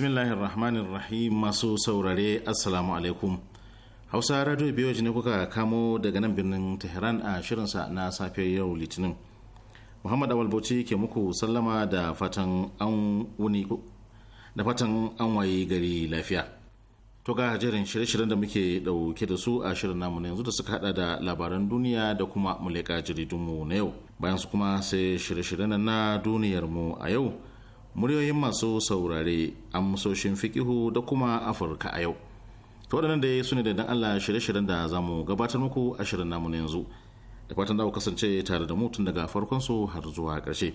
bismillahir rahmanir rahim masu saurare assalamu alaikum hausa radio biyo ne kuka kamo daga nan birnin tehran a shirinsa na safiyar yau litinin muhammad awal bauchi ke muku sallama da fatan an wuni da fatan an waye gari lafiya to ga jerin shirye-shiryen da muke dauke da su a shirin namu na yanzu da suka hada da labaran duniya da kuma muleka jaridunmu na yau bayan su kuma sai shirye-shiryen na duniyar mu a yau muryoyin masu saurare amsoshin fikihu da kuma afirka a yau to waɗannan da su ne da Allah shirye-shiryen da za mu gabatar muku a shirin namu na yanzu da fatan da kasance tare da mutum daga farkon su har zuwa ƙarshe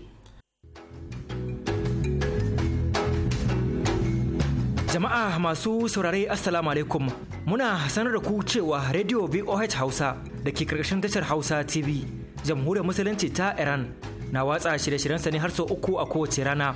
jama'a masu saurare assalamu alaikum muna sanar da ku cewa radio voh hausa da ke karkashin tashar hausa tv jamhuriyar musulunci ta iran na watsa shirye-shiryen Sani har sau uku a kowace rana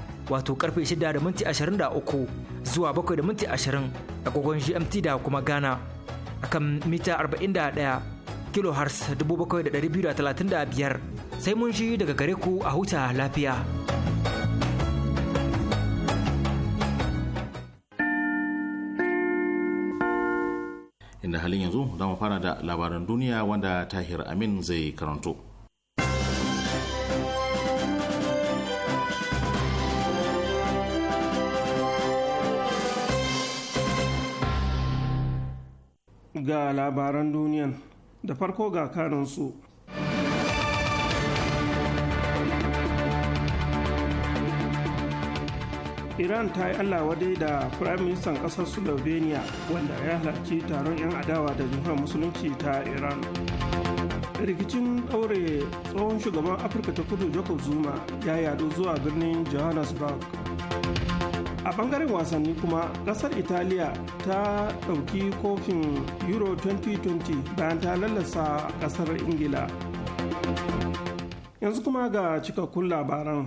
wato karfe 6 da minti 23 zuwa 7 da minti 20 agogon GMT da kuma Ghana akan mita 41 kilohertz 7,235 sai mun shi daga gare ku a huta lafiya. Inda halin yanzu za mu fara da labaran duniya wanda Tahir Amin zai karanto. ga labaran duniyan da farko ga karinsu iran ta yi allah wadai da firaministan ƙasar slovenia wanda ya halarci taron 'yan adawa da jihar musulunci ta iran rikicin ɗaure tsohon shugaban afirka ta kudu jacob zuma ya yadu zuwa birnin johannesburg a bangaren wasanni kuma kasar italiya ta dauki kofin euro 2020 bayan ta lallasa kasar ingila yanzu kuma ga cikakkun labaran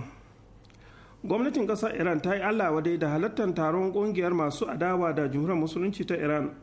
gwamnatin kasar iran ta yi allah wadai da halartar taron kungiyar masu adawa da jumhuriyar musulunci ta iran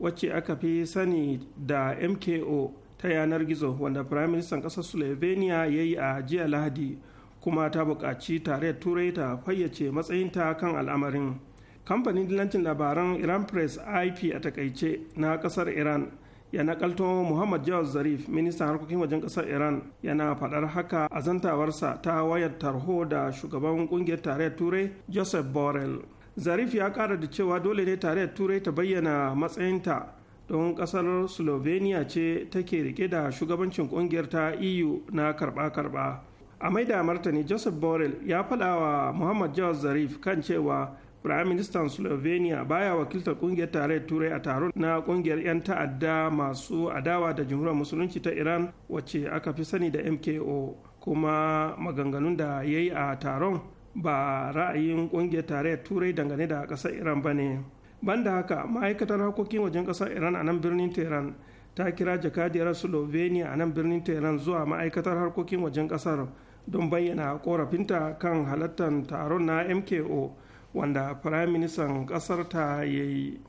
wacce aka fi sani da mko ta yanar gizo wanda firaministan kasar slovenia ya yi a jiya lahadi kuma ta buƙaci tarayyar turai ta fayyace matsayinta kan al'amarin kamfanin dillancin labaran iran press ip a takaice na ƙasar iran ya nakalto muhammad jawaz zarif ministan harkokin wajen ƙasar iran yana faɗar haka a zantawarsa ta wayar tarho da shugaban ƙungiyar tarayyar turai joseph borrell zarif ya ƙara da cewa dole ne tarayyar turai ta bayyana matsayinta don ƙasar slovenia ce take rike da shugabancin ƙungiyar ta eu na karɓa-karɓa a maida martani joseph borrell ya faɗa wa muhammad jawar zarif kan cewa firaministan slovenia baya wakiltar kungiyar tarayyar turai a taron na kungiyar 'yan ta'adda masu adawa da jumhuriyar musulunci ta iran wacce aka fi sani da mko kuma maganganun da ya yi a taron ba ra'ayin kungiyar tarayyar turai dangane da ƙasar iran ba ne banda haka ma'aikatar harkokin wajen kasar iran a nan birnin tehran ta kira jakadiyar slovenia a nan birnin tehran zuwa ma'aikatar harkokin wajen ƙasar don bayyana korafinta kan halartar taron na mko wanda firaministan ƙasar ta ya yi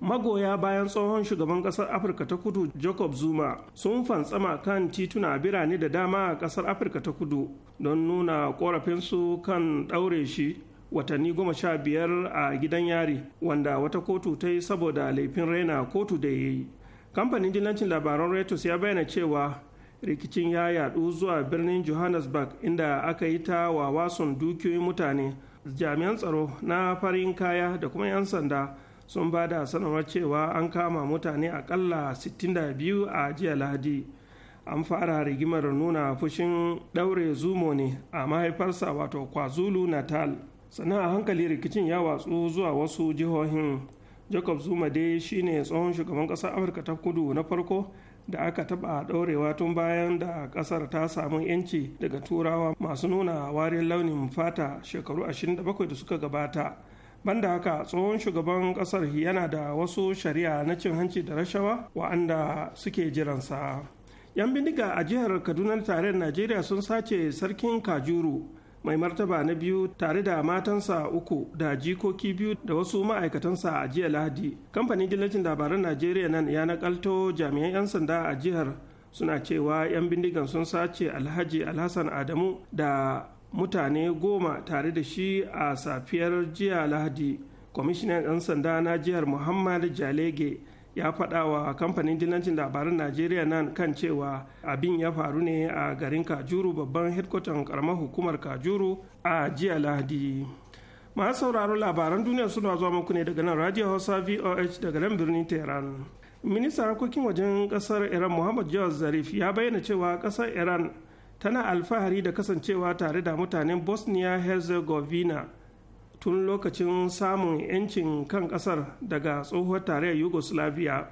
magoya bayan tsohon shugaban kasar afirka ta kudu jacob zuma sun fantsama kan tituna birane da dama a kasar afirka ta kudu don nuna korafinsu kan ɗaure shi watanni goma sha biyar a gidan yari wanda wata kotu ta yi saboda laifin raina kotu da ya yi kamfanin dillancin labaran reuters ya bayyana cewa rikicin ya yadu zuwa birnin johannesburg inda aka yi ta wa wawason dukiyoyin mutane jami'an tsaro na farin kaya da kuma 'yan sanda sun ba da sanarwar cewa an kama mutane akalla 62 a jiya lahadi an fara rigimar nuna fushin daure zumo ne a mahaifarsa wato kwazulu natal sannan a hankali rikicin ya watsu zuwa wasu jihohin jacob zuma dai shine tsohon shugaban ƙasar afirka ta kudu na farko da aka taɓa ɗorewa tun bayan da ƙasar ta samu 'yanci daga turawa masu nuna wariyar launin fata shekaru 27 da suka gabata banda haka tsohon shugaban ƙasar yana da wasu shari'a na cin hanci da rashawa wa'anda suke jiransa yan bindiga a jihar kaduna tarayyar najeriya sun sace sarkin kajuru mai martaba na biyu tare da matansa uku da jikoki biyu da wasu ma'aikatansa a jiya lahadi kamfanin dillacin labaran najeriya nan ya nakalto jami'an 'yan sanda a jihar suna cewa 'yan bindigan sun sace alhaji alhassan adamu da mutane goma tare da shi a safiyar jiya lahadi kwamishinan 'yan sanda na jihar muhammad jalege ya faɗa wa kamfanin dillancin labaran najeriya nan kan cewa abin ya faru ne a garin kajuru babban hedkwatan karamar hukumar kajuru a jiya lahadi masu sauraron labaran duniya suna zuwa muku ne daga nan radio hausa voh daga nan birnin tehran ministan harkokin wajen kasar iran muhammad jawaz zarif ya bayyana cewa kasar iran tana alfahari da kasancewa tare da mutanen bosnia herzegovina tun lokacin samun 'yancin kan kasar daga tsohuwar tarayyar yugoslavia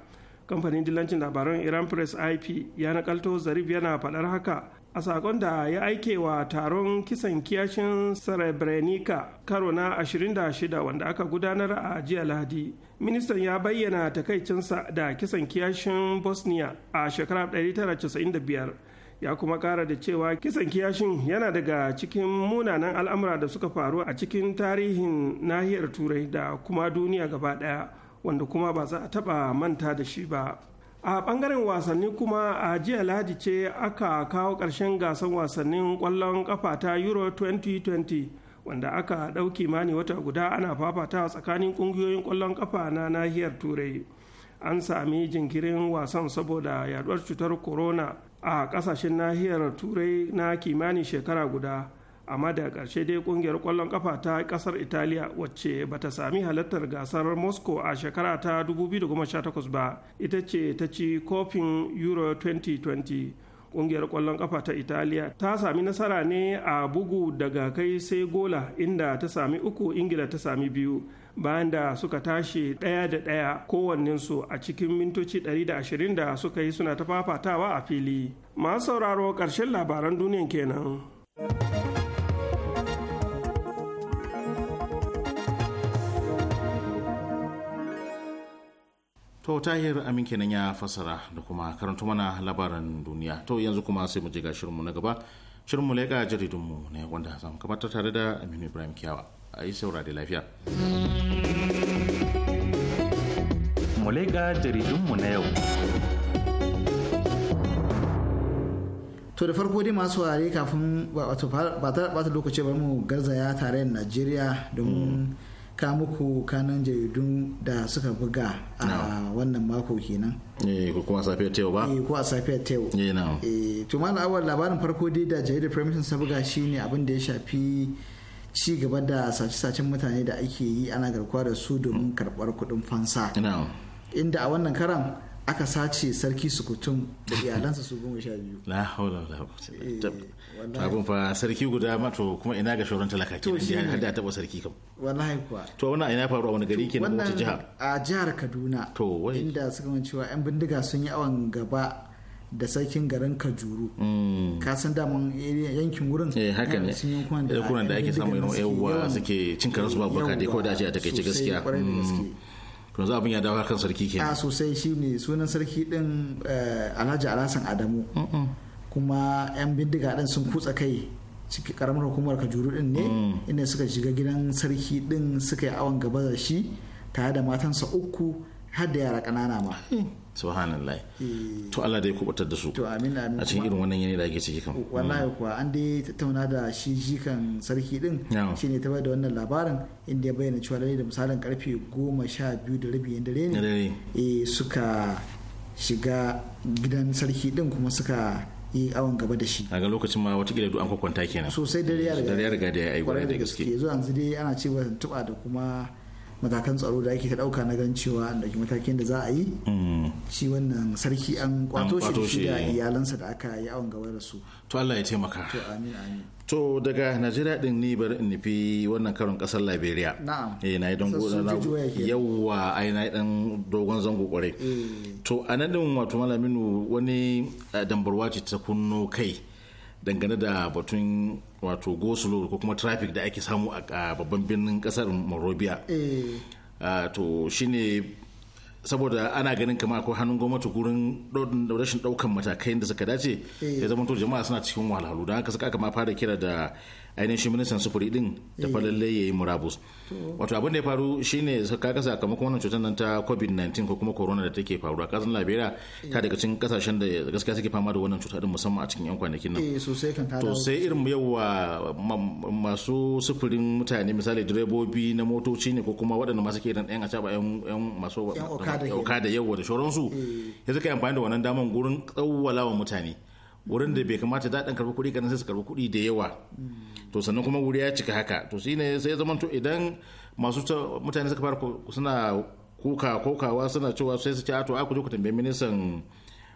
kamfanin dilancin labaran iran press ip ya nakalto zarif yana faɗar haka a sakon da ya aike wa taron kisan kiyashin srebrenica karo na 26 wanda aka gudanar a jiya lahadi ministan ya bayyana takaicinsa da kisan kiyashin bosnia a shekarar 1995 ya kuma kara da cewa kisan kiyashin yana daga cikin munanan al'amura da suka faru a cikin tarihin nahiyar turai da kuma duniya gaba daya wanda kuma ba za a taba manta da shi ba a bangaren wasanni kuma a jiya lahadi ce aka kawo ƙarshen gasar wasannin ƙwallon kafa ta euro 2020 wanda aka ɗauki mani wata guda ana fafata tsakanin ƙungiyoyin ƙwallon kafa na nahiyar turai an sami jinkirin wasan saboda yaduwar cutar corona a kasashen nahiyar turai na kimanin shekara guda amma da ƙarshe dai kungiyar ƙwallon kafa ta ƙasar italiya wacce ba ta sami halartar gasar moscow a shekara ta 2018 ba ita ce ta ci kofin euro 2020 ƙungiyar ƙwallon kafa ta italiya ta sami nasara ne a bugu daga kai sai gola inda ta sami uku ingila ta sami biyu bayan da suka tashi ɗaya da ɗaya kowannensu a cikin mintoci 120 da suka yi suna ta fafatawa a fili masu sauraro ƙarshen labaran duniyan kenan. To tahir amin kenan ya fassara da kuma karanta mana labaran duniya. To yanzu kuma sai mu je ga shirinmu na gaba. Shirinmu leƙa jaridunmu ne wanda zan kamata tare da Aminu Ibrahim kyawa. a yi da lafiya. jaridun mu na yau. To da farko dai masu wari kafin ba ta bata lokaci ba mu garzaya na Najeriya domin ka muku kanan jaridun da suka buga a wannan mako kenan. Eh ko kuma safiyar ta ba? Eh ko a safiyar tewu. yau. Eh, eh to malam awal labarin farko dai da jaridar permission sa buga shine abin da ya shafi ci gaba da sace-sacen mutane da ake yi ana garkuwa da su domin karɓar kuɗin fansa inda a wannan karan aka sace sarki sukutum da iyalansa su goma sha biyu Na haula da quwwata eh, abun fa sarki guda ma to kuma ina ga shoron talaka ke nan har da taba sarki kam wallahi kuwa to wannan ina faru a wani gari kenan wata jihar? a jihar Kaduna to inda suka mun cewa yan bindiga sun yi awan gaba da sarkin garin kajuru mm. ka san daman yankin wurin eh haka ne yankunan da ake samu irin yawa suke cin karansu ba baka dai ko da ce a takaice gaskiya mm. to za abin ya dawo kan sarki ke a ah, sosai shi ne sunan sarki din eh, Alhaji Alhassan Adamu kuma yan bindiga din sun kutsa kai ciki karamar hukumar kajuru din ne mm. inda suka shiga gidan sarki din suka yi awon gaba da shi tare da matansa uku har da yara ƙanana ma eh. subhanallah eh. to Allah dai kubutar da su a cikin irin wannan yanayi da ake ciki kan wallahi mm. kuwa an dai tattauna da shi jikan sarki din shine ta da wannan labarin inda ya bayyana cewa da misalin karfe goma sha biyu da rabi dare ne eh, suka shiga gidan sarki din kuma suka yi awon gaba da shi a ga lokacin ma wata gida an kwakwanta kenan sosai dare ya riga da ya aiki da gaske yanzu dai ana cewa tuba da kuma matakan tsaro da ake ta dauka na ganin cewa an dauki matakin da za a yi mm. shi wannan sarki an kwato shi da iyalansa da aka yi awon gaba da su to Allah ya taimaka to amin amin to daga Najeriya din ni bari in nufi wannan karon kasar Liberia na'am eh nayi dan gona na yawa na yi dan dogon zango kwarai eh. to nan din wato malaminu wani eh, dambarwa ce ta kunno kai dangane da batun wato go ko kuma traffic da ake samu a babban birnin kasar morobiya eh. ah, to shine saboda ana ganin kama akwai hannun gwamnati gurin rashin daukan matakai da suka dace eh. ya zama to jama'a suna cikin wahalhalu don haka suka aka ma fara kira da ainihin ministan sufuri din da eh. falalle ya yi murabus wato abin da ya faru shine kaga sakamakon wannan cutar nan ta covid-19 ko kuma corona da take faruwa kasan Labera eh. ta daga cikin kasashen da gaskiya suke fama da wannan cuta din musamman a cikin yan kwanakin nan eh, to sai irin yawa masu sufurin mutane misali direbobi na motoci ne ko kuma waɗanda masu ke irin ɗayan acaba yan masu okada yawa da shoransu ya suka yi amfani da wannan daman gurin tsawwalawa mutane wurin da bai kamata daɗin karɓi kuɗi kanan sai su karɓi kuɗi da yawa to sannan kuma wuri ya cika haka to shine sai zaman to idan masu mutane suka fara suna kuka kokawa suna cewa sai su ce a to a ku je ku tambaye ministan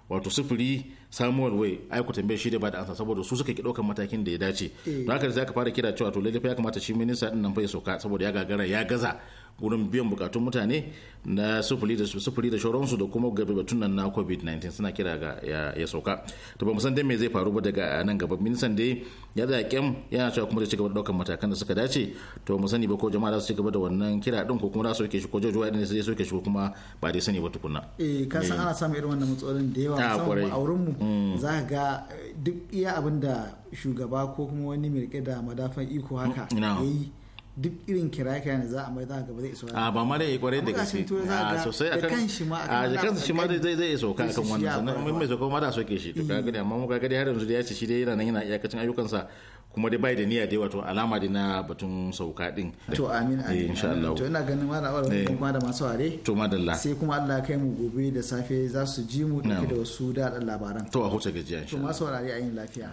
wato sufuri samuwar wai ai ku tambaye shi da ba da ansa saboda su suka ki daukan matakin da ya dace eh. don haka za ka fara kira cewa to lalle fa ya kamata shi minista din nan fa ya sauka saboda ya gagara ya gaza wurin biyan bukatun mutane na sufuri da shoronsu da shauransu da kuma gabe batun nan na covid-19 suna kira ga ya, sauka to ba san dai me zai faru ba daga nan gaba ministan dai ya da kyan yana cewa kuma zai cigaba da daukan matakan da suka dace to mu sani ba ko jama'a za su ci gaba da wannan kira din ko kuma za su soke shi ko jajuwa ne sai soke shi ko kuma ba dai sani ba tukuna eh ka san ana samun irin wannan matsalolin da yawa ah, musamman a wurin mu mm. za ka ga eh, duk iya abin da shugaba ko kuma wani mai rike da madafan iko haka mm, yayi duk irin kira-kira ne za a mai za a gaba zai iso a ba ma da ya kwarai da gaske a sosai a kan shi ma a kan shi ma zai zai iso kan kan wannan sannan mun mai sauka ma da soke shi to eh. kaga amma mu kaga har yanzu da ya ce shi dai yana nan yana iyakacin ayyukansa kuma dai bai da niyya dai wato alama dai na batun sauka din to amin eh, amin insha Allah to ina ganin ma da awar eh. kuma da masu ware to madalla sai kuma Allah kai mu gobe da safe za su ji mu da wasu da labaran to a huta gajiya insha Allah to masu ware ayin lafiya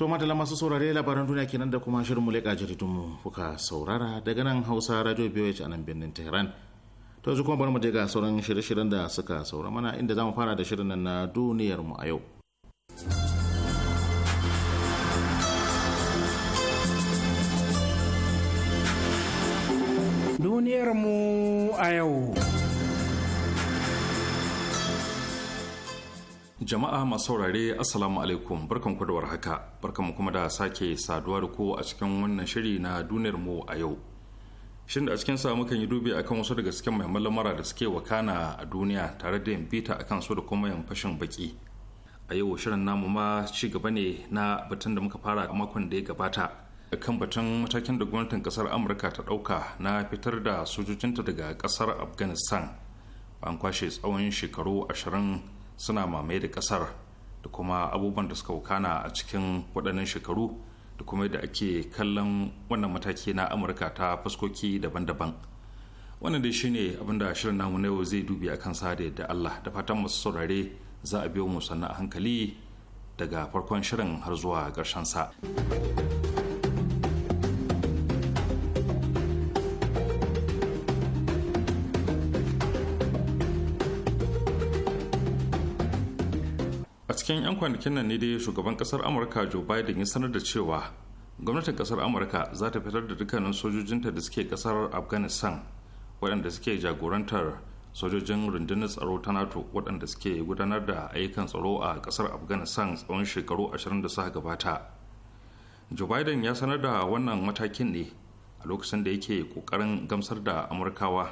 To madalla masu saurare labaran duniya kenan da kuma shirin mu leƙa jaridunmu kuka saurara daga nan Hausa Radio BOH a nan birnin Tehran. To yanzu kuma bari mu je ga sauran shirye-shiryen da suka saura mana inda mu fara da shirin nan na duniyar mu a yau. Duniyar mu a yau. Jama'a masu saurare Assalamu alaikum barkan ku da warhaka barkan mu kuma da sake saduwa da ku a cikin wannan shiri na duniyar mu a yau. Shin da a cikin sa mukan yi dubi akan wasu daga cikin muhimman lamura da suke wakana a duniya tare da yin bita akan su da kuma yin fashin baki. A yau shirin namu ma ci gaba ne na batun da muka fara a makon da ya gabata. kan batun matakin da gwamnatin kasar amurka ta ɗauka na fitar da sojojinta daga kasar afghanistan an kwashe tsawon shekaru ashirin suna mamaye da kasar da kuma abubuwan da suka wukana a cikin waɗannan shekaru da kuma yadda ake kallon wannan mataki na amurka ta fuskoki daban-daban wannan dai shine abin da shirin namu na yau zai dubi akan kan sa da yadda allah da fatan masu saurare za a biyo mu sannan a hankali daga farkon shirin har zuwa ƙarshen sa. kwanakin nan ne dai shugaban kasar amurka joe biden ya sanar da cewa gwamnatin kasar amurka za ta fitar da dukkanin sojojinta da suke kasar afghanistan waɗanda suke jagorantar sojojin rundunar tsaro ta nato waɗanda suke gudanar da ayyukan tsaro a kasar afghanistan tsawon shekaru 20 da suka gabata joe biden ya sanar da wannan matakin ne a lokacin da yake kokarin gamsar da amurkawa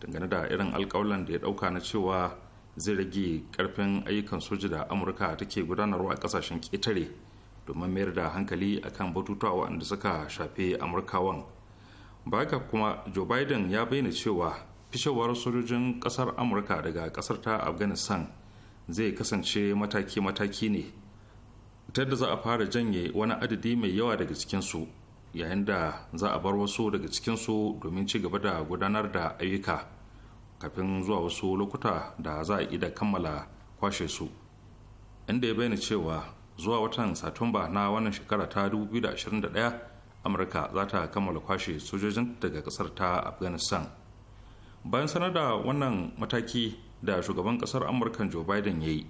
dangane da irin alkawalan da ya ɗauka na cewa zai rage karfin ayyukan soja da amurka take gudanarwa a kasashen ƙetare domin mayar da hankali a kan batutuwa waɗanda suka shafe amurkawan baka kuma joe biden ya bayyana cewa fishewar sojojin ƙasar amurka daga ƙasar ta afghanistan zai kasance mataki-mataki ne ta yadda za a fara janye wani adadi mai yawa daga cikinsu yayin da za a bar wasu daga cikinsu domin ci gaba da gudanar da ayyuka kafin zuwa wasu lokuta da za a ida kammala kwashe su inda ya bayyana cewa zuwa watan satumba na wannan shekara ta 2021 amurka za ta kammala kwashe sojojin daga kasar ta afghanistan bayan sanar da wannan mataki da shugaban kasar amurka joe biden ya yi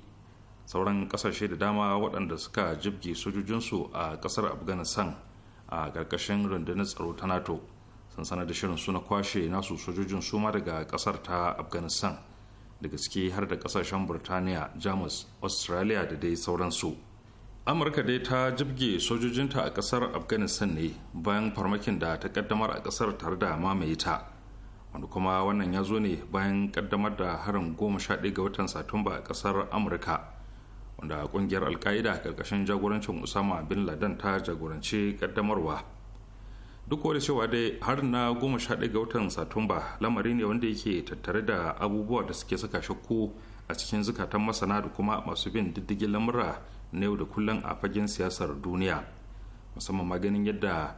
sauran kasashe da dama waɗanda suka jibge sojojinsu a kasar afghanistan a ƙarƙashin rundunar tsaro ta nato sun sanar da shirin suna kwashe nasu sojojin suma daga kasar ta afghanistan da gaske har da kasashen burtaniya jamus australia da dai sauransu amurka dai ta jibge sojojinta a kasar afghanistan ne bayan farmakin da ta kaddamar a kasar tare da mamaye ta wanda kuma wannan ya zo ne bayan kaddamar da harin goma sha ga watan satumba a kasar amurka wanda ƙungiyar alka'ida karkashin jagorancin usama bin laden ta jagoranci kaddamarwa duk da cewa dai har na goma sha ga watan satumba lamari ne wanda yake tattare da abubuwa da suke saka shakku a cikin zukatan masana da kuma masu bin diddigin lamura na yau da kullum a fagen siyasar duniya musamman maganin yadda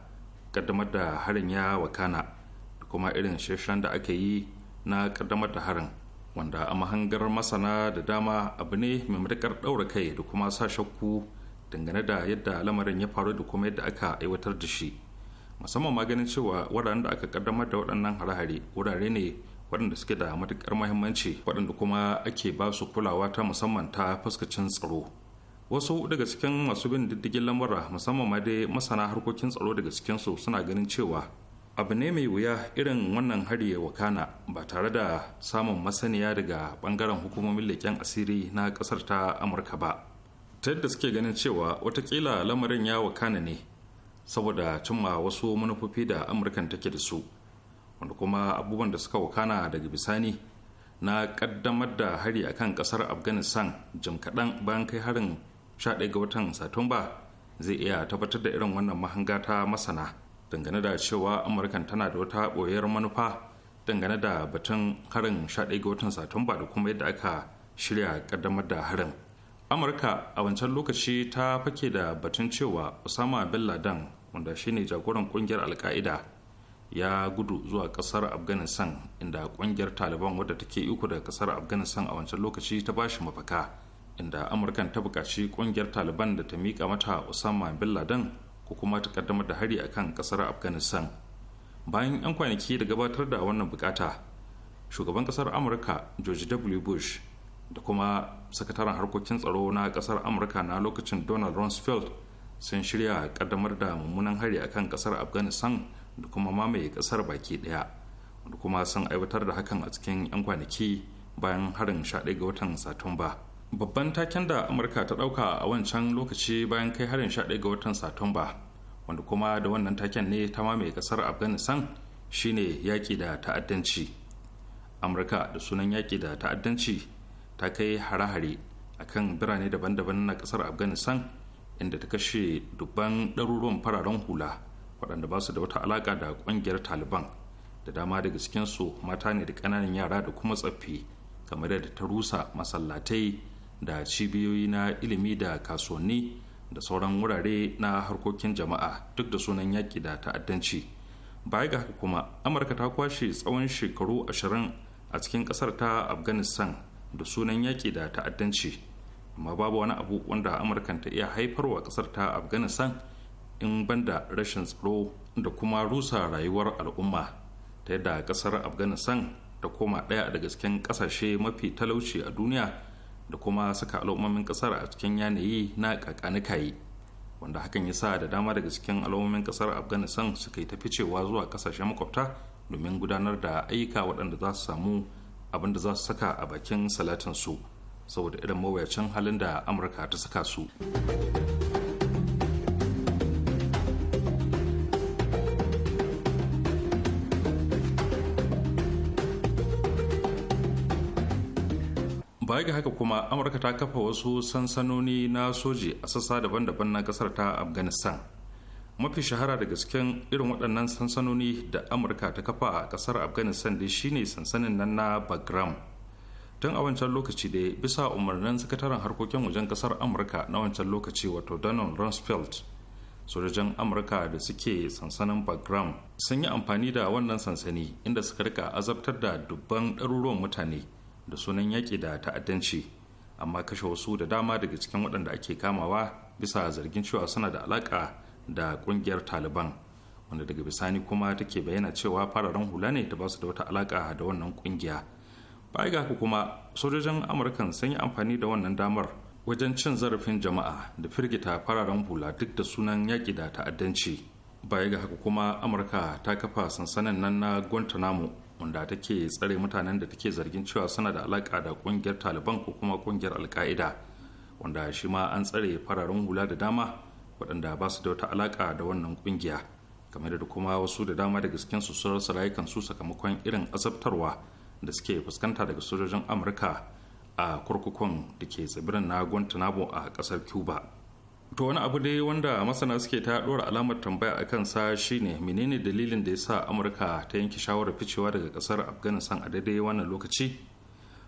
kaddamar da harin ya wakana da kuma irin sheshen da aka yi na kaddamar da harin wanda a mahangar masana da dama abu ne mai matuƙar ɗaura kai da kuma sa shakku dangane da yadda lamarin ya faru da kuma yadda aka aiwatar da shi musamman ma ganin cewa wuraren da aka kaddamar da waɗannan hare-hare wurare ne waɗanda suke da matuƙar mahimmanci waɗanda kuma ake ba su kulawa ta musamman ta fuskacin tsaro wasu daga cikin masu bin diddigin lamura musamman ma dai masana harkokin tsaro daga cikin su suna ganin cewa abu ne mai wuya irin wannan hari ya wakana ba tare da samun masaniya daga bangaren hukumomin leƙen asiri na ƙasar ta amurka ba ta yadda suke ganin cewa watakila lamarin ya wakana ne saboda cimma wasu manufofi da amurkan take da su wanda kuma abubuwan da suka wakana daga bisani na kaddamar da hari a kan kasar afghanistan jim kaɗan bayan kai harin 11 ga watan satumba zai iya tabbatar da irin wannan mahanga ta masana dangane da cewa amurkan tana da wata ɓoyar manufa dangane da batun harin 11 ga watan satumba da kuma yadda aka shirya kaddamar da harin amurka a wancan lokaci ta fake da batun cewa usama bin laden wanda shine jagoran kungiyar alka'ida ya gudu zuwa kasar afghanistan inda kungiyar taliban wadda take iko daga kasar afghanistan a wancan lokaci ta bashi mafaka inda amurkan ta buƙaci kungiyar taliban da ta mika mata usama bin laden ko kuma ta kaddamar da hari akan kasar afghanistan bayan 'yan kwanaki da gabatar da wannan bukata shugaban kasar amurka george w bush da kuma sakataren harkokin tsaro na kasar amurka na lokacin donald rumsfeld sun shirya kaddamar da mummunan hari akan kasar afghanistan da kuma mamaye kasar baki daya da kuma sun aiwatar da hakan a cikin 'yan kwanaki bayan harin 11 ga watan satumba babban taken da amurka ta ɗauka a wancan lokaci bayan kai harin 11 ga watan satumba wanda kuma da wannan taken ne ta mamaye kasar afghanistan shine yaƙi da ta'addanci amurka da sunan yaƙi da ta'addanci ta kai hare-hare akan birane daban-daban na kasar afghanistan inda ta kashe dubban ɗaruruwan fararen hula waɗanda ba su da wata alaƙa da ƙungiyar taliban da dama daga cikinsu mata ne da ƙananan yara da kuma tsaffi kamar yadda ta rusa masallatai da cibiyoyi na ilimi da kasuwanni da sauran wurare na harkokin jama'a duk da sunan yaƙi da ta'addanci baya ga haka kuma amurka ta kwashe tsawon shekaru ashirin a cikin ƙasar ta afghanistan da sunan yaƙi da ta'addanci amma babu wani abu wanda amurka ta iya haifarwa kasar ta afghanistan in banda rashin tsaro da kuma rusa rayuwar al'umma ta yadda kasar afghanistan ta koma ɗaya daga cikin ƙasashe mafi talauci a duniya da kuma saka al'ummomin ƙasar a cikin yanayi na kakanikayi wanda hakan ya sa da dama daga cikin al'ummomin ƙasar afghanistan suka yi ta ficewa zuwa ƙasashe makwabta domin gudanar da ayyuka waɗanda za su samu abin da za su saka a bakin salatin su. saboda irin mawuyacin halin da amurka ta saka su baya ga haka kuma amurka ta kafa wasu sansanoni na soji a sassa daban-daban na kasar ta afghanistan mafi shahara da gasken irin waɗannan sansanoni da amurka ta kafa a kasar afghanistan dai shine sansanin nan na bagram tun a wancan lokaci da bisa umarnin sakataren harkokin wajen kasar amurka na wancan lokaci wato donald rumsfeld sojojin amurka da suke sansanin bagram sun yi amfani da wannan sansani inda suka rika azabtar da dubban ɗaruruwan mutane da sunan yaƙi da ta'addanci amma kashe wasu da dama daga cikin waɗanda ake kamawa bisa zargin cewa suna da alaƙa da ƙungiyar taliban wanda daga bisani kuma take bayyana cewa fararen hula ne ta su da wata alaƙa da wannan ƙungiya baya ga kuma sojojin amurkan sun yi amfani da wannan damar wajen cin zarafin jama'a da firgita fararen hula duk da sunan yaƙi da ta'addanci baya ga haka kuma amurka ta kafa sansanin nan na guantanamo wanda take tsare mutanen da take zargin cewa suna da alaƙa da ƙungiyar taliban ko kuma ƙungiyar alka'ida wanda shi ma an tsare fararen hula da dama waɗanda ba su da wata alaƙa da wannan ƙungiya kamar da kuma wasu da dama da gaskensu sun rasa su sakamakon irin azabtarwa da suke fuskanta daga sojojin amurka a kurkukun da ke tsibirin na guantanamo a kasar cuba to wani abu dai wanda masana suke ta dora alamar tambaya a kansa shine menene dalilin da ya sa amurka ta yanke shawarar ficewa daga kasar afghanistan a daidai wannan lokaci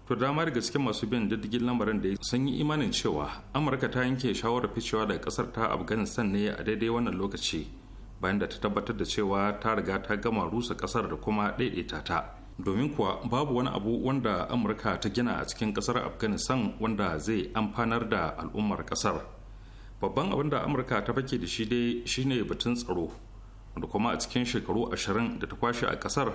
to dama daga cikin masu bin diddigin lamarin da sun yi imanin cewa amurka ta yanke shawarar ficewa daga kasar ta afghanistan ne a daidai wannan lokaci bayan da ta tabbatar da cewa ta riga ta gama rusa kasar da kuma daidaita ta domin kuwa babu wani abu wanda amurka ta gina a cikin kasar afghanistan wanda zai amfanar da al'ummar kasar babban abin da amurka ta fake da shi dai shine batun tsaro wanda kuma a cikin shekaru ashirin da ta kwashe a kasar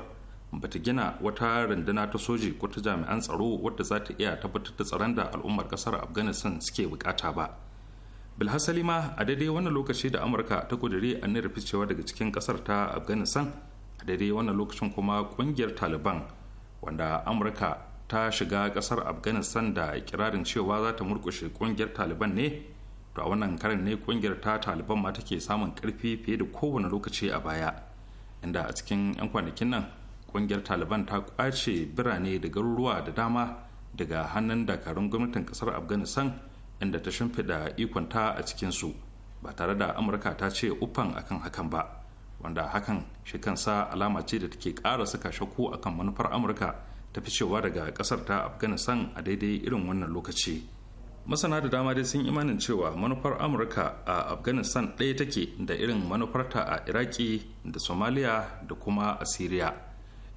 bata gina wata rundunar ta soji ko ta jami'an tsaro wadda za ta iya tabbatar da tsaron da al'ummar kasar afghanistan suke bukata ba bilhassali ma a daidai wannan lokaci da amurka ta kudiri aniyar ficewa daga cikin kasar ta afghanistan dare daidai wannan lokacin kuma kungiyar taliban wanda amurka ta shiga kasar afghanistan da kirarin cewa za ta murkushe kungiyar taliban ne to a wannan karin ne kungiyar ta taliban ma take samun karfi fiye da kowane lokaci a baya inda a cikin 'yan kwanakin nan kungiyar taliban ta kwace birane da garuruwa da dama daga hannun dakarun gwamnatin kasar afghanistan inda ta shimfiɗa ikonta a cikinsu ba tare da amurka ta ce uffan akan hakan ba wanda hakan shi sa alama ce da take ƙara saka shakku akan manufar amurka ta ficewa daga ƙasar ta afghanistan a daidai irin wannan lokaci masana da dama dai sun imanin cewa manufar amurka a afghanistan ɗaya take da irin manufarta a iraki da somaliya da kuma a syria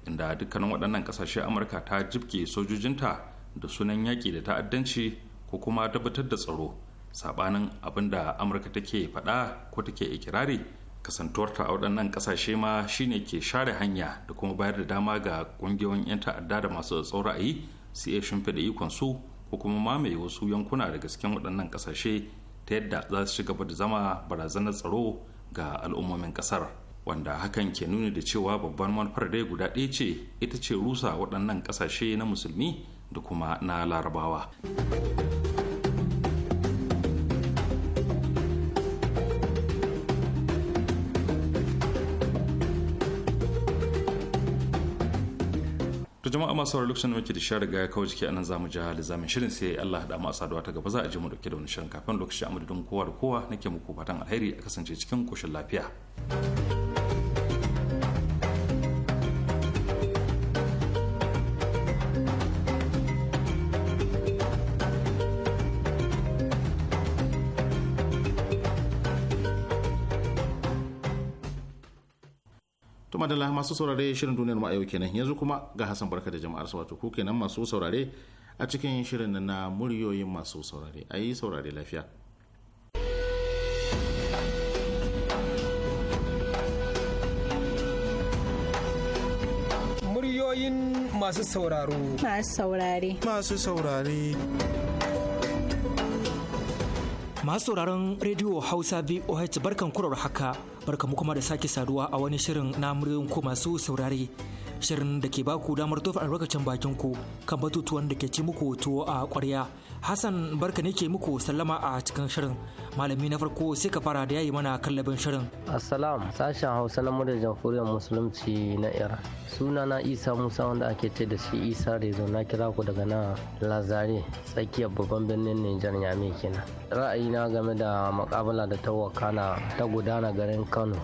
inda dukkanin waɗannan ƙasashe amurka ta jibge sojojinta da sunan yaƙi da ta'addanci ko kuma tabbatar da tsaro saɓanin abin da amurka take faɗa ko take ikirari kasantuwar ta a waɗannan ƙasashe ma shine ke share hanya da kuma bayar da dama ga ƙungiyoyin 'yan ta'adda da masu tsatsau ra'ayi su iya shimfiɗa ikon su ko kuma mamaye wasu yankuna daga cikin waɗannan ƙasashe ta yadda za su ci gaba da zama barazanar tsaro ga al'ummomin ƙasar wanda hakan ke nuni da cewa babban manufar dai guda ɗaya ce ita ce rusa waɗannan ƙasashe na musulmi da kuma na larabawa. to jama'a masu sauraron lokacin da muke da shirin ga kawai jiki anan zamu ji hali zamin shirin sai Allah hada mu saduwa ta gaba za a je mu dauke da wani shirin kafin lokacin a kowa da kowa nake muku fatan alheri a kasance cikin koshin lafiya. madalla masu saurare shirin duniyar ma'ayau kenan yanzu kuma ga Hassan barka da jama'ar wato ku kenan masu saurare a cikin shirin na muryoyin masu saurare a yi saurare lafiya. Muryoyin masu sauraro. Masu saurare. Masu saurare. Masu sauraron rediyo Hausa VOH barkan kurar haka. barkamu kuma da sake saduwa a wani shirin na muryoyin ku masu saurare. Shirin da ke baku damar tofa albarkacin bakin ku kan batutuwan da ke ci muku tuwo a kwarya. Hassan barka ne ke muku sallama a cikin shirin malami na farko sai ka fara da yayi mana kallabin shirin. Assalam sashen Hausa na muryar jamhuriyar musulunci na Iran. Suna na Isa Musa wanda ake ce da shi Isa Rezo na kira ku daga nan Lazare tsakiyar babban birnin Nijar Yame kenan. Ra'ayina game da makabala da ta wakana ta gudana garin Kano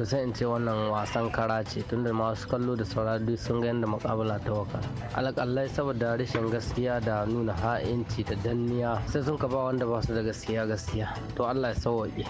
to sai in ce wannan wasan kara ce tunda masu kallo da saurari duk sun ga yadda mukabala ta waka alƙalai saboda rashin gaskiya da nuna ha'inci da danniya sai sun ka ba wanda ba su da gaskiya gaskiya to Allah ya sauwaƙe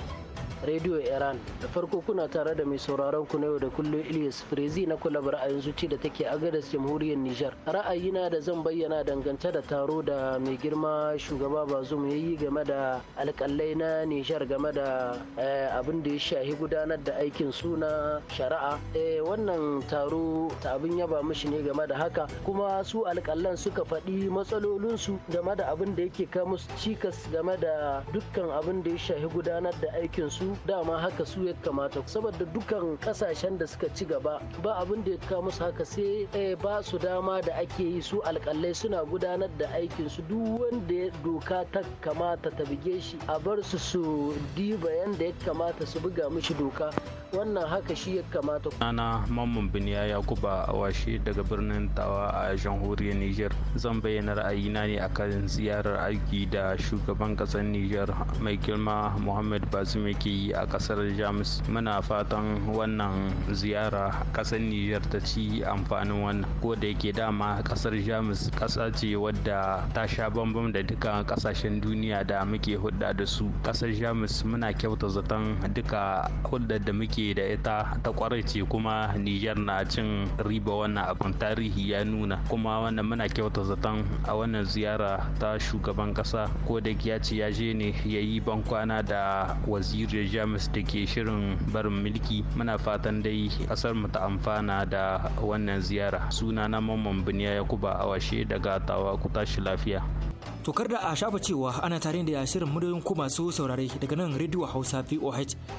Radio Iran. Da farko kuna tare da mai sauraron ku na yau da kullum Ilyas Frezi na kula ra'ayin zuci da take Agadas Jamhuriyar Nijar. Ra'ayina da zan bayyana dangance da taro da mai girma shugaba Bazum ya yi game da alƙalai na Nijar game da eh, abin da ya shahi gudanar da aikin suna shari'a. Eh, wannan taro ta abin yaba mishi ne game da haka kuma su alƙalan suka faɗi matsalolinsu game da abin da yake kawo musu cikas game da dukkan abin da ya shahi gudanar da aikin su dama haka su ya kamata saboda dukan kasashen da suka ci gaba ba abin da ya kawo musu haka sai eh, ba su dama da ake yi su alkalai suna gudanar da aikin su duk wanda ya doka ta kamata ta bige shi a bar su su diba yanda ya kamata su buga mishi doka wannan haka shi ya kamata ana mamman biniya kuba washe daga birnin tawa a jamhuriyar niger zan bayyana ra'ayina ne akan ziyarar aiki da shugaban kasar niger mai girma muhammad bazum yake yi a kasar jamus muna fatan wannan ziyara kasar Nijar ta ci amfanin wannan ko da yake dama kasar jamus kasa ce wadda ta sha bambam da dukkan kasashen duniya da muke hudda da su kasar jamus muna kyauta zaton duka hulɗar da muke da ita ta kwarai kuma Nijar na cin riba wannan abin tarihi ya nuna kuma wannan muna kyauta zaton a wannan ziyara ta shugaban kasa ko da ya ce ya je ne ya yi bankwana da wazirin jamus da ke shirin barin mulki muna fatan dai asar mu ta amfana da wannan ziyara suna na mamman biniya yakuba awashe daga tawa ku tashi lafiya tokar da a shafa cewa ana tare da shirin muryoyin ku masu saurare daga nan rediyo hausa voh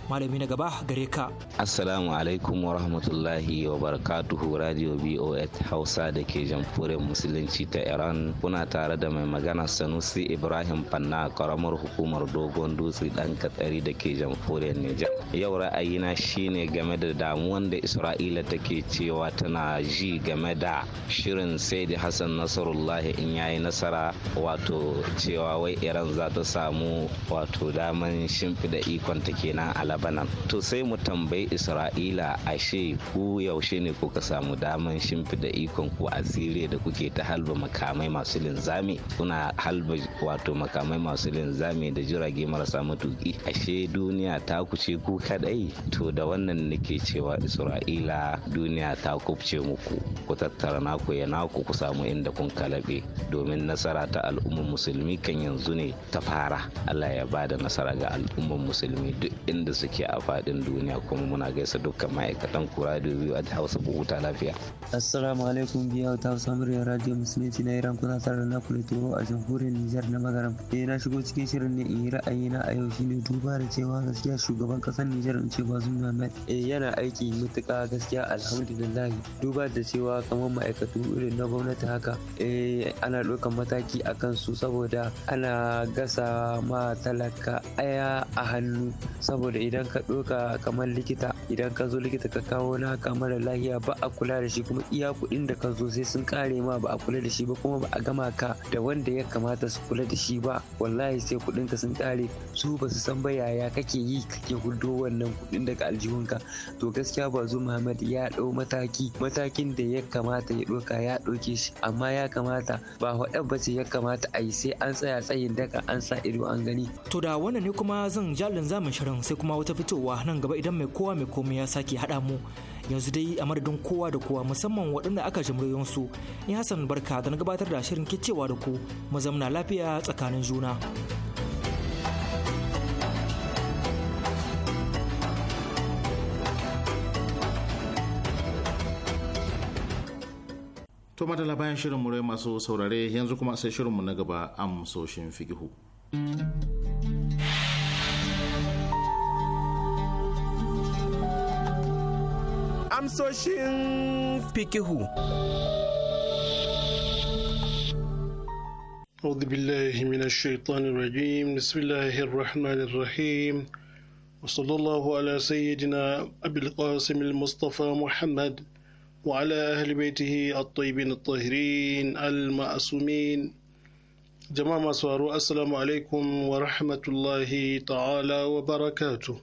malami na gaba gare ka assalamu alaikum wa rahmatullahi wa barakatuhu radio voh hausa da ke jamhuriyar musulunci ta iran kuna tare da mai magana sanusi ibrahim fanna karamar hukumar dogon dutse dan katsari da ke jamhuriyar jamhuriyar Nijar. Yau ra'ayina shine game da damuwan da Isra'ila take cewa tana ji game da shirin Saidi Hassan Nasarullah in yayi nasara wato cewa wai Iran za ta samu wato daman ikon ta kenan a Labanan. To sai mu tambayi Isra'ila ashe ku yaushe ne kuka samu daman shimfiɗa ikon ku a Siriya da kuke ta halba makamai masu linzami kuna halba wato makamai masu linzami da jirage marasa matuki ashe duniya duniya ta kuce ku kadai to da wannan nake cewa isra'ila duniya ta kubce muku ku tattara naku ya naku ku samu inda kun kalabe domin nasara ta al'ummar musulmi kan yanzu ne ta fara allah ya bada nasara ga al'ummar musulmi duk inda suke a fadin duniya kuma muna gaisa dukkan ma'aikatan kura da biyu a hausa ku huta lafiya assalamu alaikum biya ta hausa murya radio musulunci na iran kuna tare na Turo, a jamhuriyar nijar na magaram eh na shigo cikin shirin ne in yi ra'ayi na a yau shine duba da cewa gaskiya shugaban kasar Nijar in ce Bazoum eh, yana aiki mutuka gaskiya alhamdulillah duba da cewa kamar ma'aikatu irin na gwamnati haka eh, ana ɗaukar mataki a su, saboda ana gasa ma talaka aya a hannu saboda idan ka ɗauka kamar likita idan ka zo likita ka kawo na mara lahiya ba a kula da shi kuma iya kuɗin da ka zo sai sun kare ma ba a kula da shi ba kuma ba a gama ka da wanda ya kamata su kula da shi ba wallahi sai kuɗin ka sun kare su ba su san ba yaya kake yi kake hudo wannan kuɗin daga aljihunka to gaskiya bazu muhammad ya ɗau mataki matakin da ya kamata ya ɗauka ya ɗauke shi amma ya kamata ba waɗan ba ce ya kamata a yi sai an tsaya tsayin daka an sa ido an gani. to da wannan ne kuma zan jalin zamin shirin sai kuma wata fitowa nan gaba idan mai kowa mai komai ya sake hada mu yanzu dai a madadin kowa da kowa musamman waɗanda aka jimriyon su ni hassan barka da na gabatar da shirin kicewa da ku mu zamna lafiya tsakanin juna. to madala bayan shirin murai masu saurare yanzu kuma sai mu na gaba amsoshin fikihu amsoshin fikihu أعوذ بالله من الشيطان الرجيم بسم الله الرحمن الرحيم وصلى الله على سيدنا أبي القاسم المصطفى محمد وعلى أهل بيته الطيبين الطاهرين masu جماعة مصوارو السلام عليكم ورحمة الله تعالى وبركاته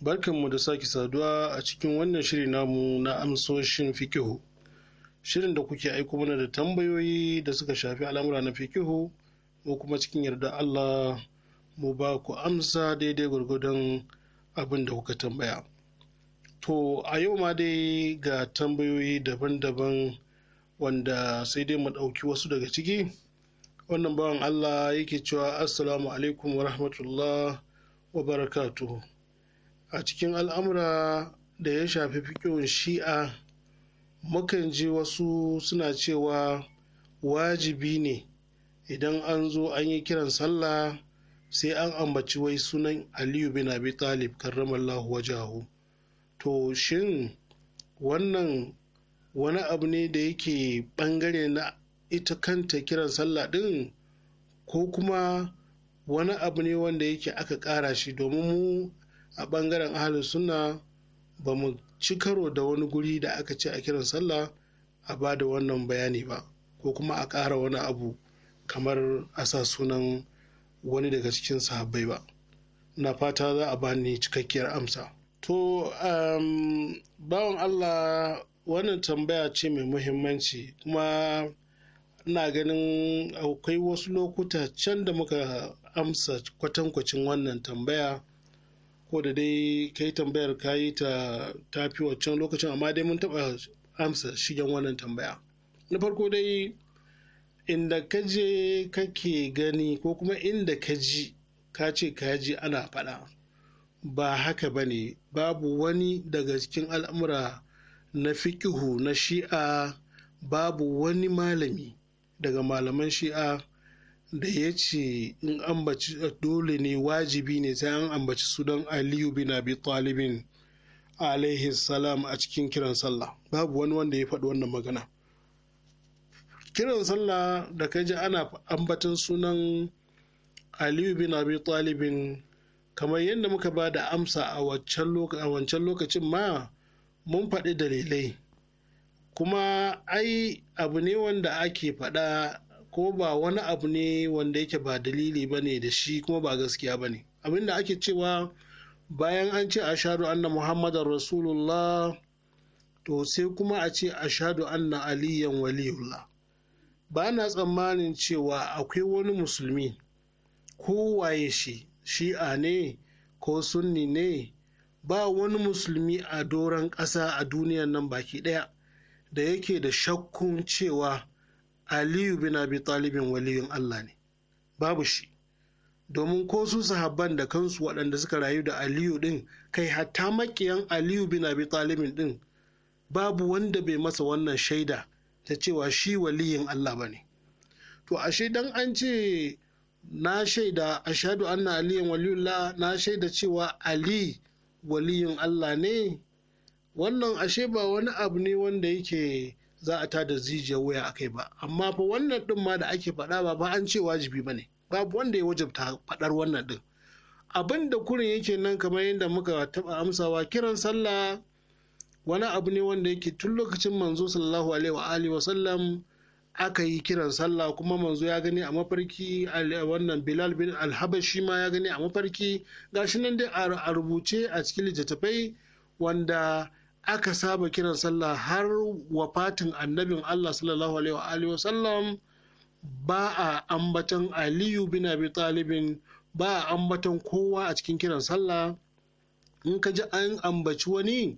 barkan mu da sake saduwa a cikin wannan shiri namu na amsoshin fikihu shirin da kuke aiko mana da tambayoyi da suka shafi al'amura na fikihu ko kuma cikin yarda Allah mu ba ku amsa daidai gwargwadon abin da kuka tambaya To a yau ma dai ga tambayoyi daban-daban wanda sai dai mu ɗauki wasu daga ciki. Wannan bawan Allah yake cewa Assalamu alaikum wa rahmatullah wa barakatu." A cikin al'amura da ya shafi fikin shi'a mukan ji wasu suna cewa wajibi ne idan an zo an yi kiran sallah sai an ambaci wai sunan Aliyu bin Abi Talib karramallahu wajahu. to shin wannan wani abu ne da yake bangare na ita kanta kiran sallah ɗin ko kuma wani abu ne wanda yake aka ƙara shi domin mu a ɓangaren ahalin suna ba mu ci karo da wani guri da aka ce a kiran sallah a ba da wannan bayani ba ko kuma a ƙara wani abu kamar a sa sunan wani daga cikin sahabbai ba na fata za a bani cikakkiyar amsa To, um, bawan Allah wannan tambaya ce mai muhimmanci kuma ina ganin akwai wasu lokuta can da muka amsa kwatankwacin wannan tambaya ko da dai kai tambayar kayi ta tafi wancan lokacin amma dai mun taba amsa shigen wannan tambaya. Na farko dai inda ka je kake gani ko kuma inda ka ji ka ce ka ji ana faɗa. ba haka ba ne babu wani daga cikin al'amura na fikihu na shi'a babu wani malami daga malaman shi'a da ya ce in ambaci dole ne wajibi ne sai an ambaci su don aliyu bin abi talibin alaihi salam a cikin kiran sallah babu wani wanda ya faɗi wannan magana kiran sallah da ka ji ana ambatan sunan aliyu bin abi talibin kamar yadda muka ba da amsa a wancan lokacin ma mun faɗi dalilai kuma ai abu ne wanda ake faɗa ko ba wani abu ne wanda yake ba dalili ba ne da shi kuma ba gaskiya ba ne abinda ake cewa bayan an ce ashadu anna muhammadar rasulullah to sai kuma a ce ashadu anna aliyan waliyullah ba na tsammanin cewa akwai wani musulmi kowaye shi shi'a ne ko sunni ne ba wani musulmi a doron ƙasa a duniyan nan baki ɗaya da yake da shakkun cewa aliyu bin abi talibin waliyun allah ne babu shi domin ko su sahabban da kansu waɗanda suka rayu da aliyu ɗin kai hatta makiyan aliyu bin abi talibin ɗin babu wanda bai masa wannan shaida ta cewa shi waliyin allah ba ne to ashe dan an ce na shaida ashadu anna aliyan waliyullah na shaida cewa ali waliyin Allah ne wannan ashe ba wani abu ne wanda yake za a tada zijiyar waya kai ba amma fa wannan din ma da ake faɗa ba ba an ce wajibi ba ne babu wanda ya wajabta faɗar wannan din abin da kurin yake nan kamar yadda muka taɓa amsawa kiran sallah wani abu ne wanda yake tun lokacin manzo sallallahu alaihi wa alihi wa sallam aka yi kiran sallah kuma manzo ya gani a mafarki wannan bilal bin alhabashi ma ya gani a mafarki gashi nan dai a rubuce a cikin littattafai wanda aka saba kiran sallah har wafatin annabin allah sallallahu alaihi wa sallam ba a ambatan aliyu bin abi talibin ba a ambatan kowa a cikin kiran sallah in ka ji an ambaci wani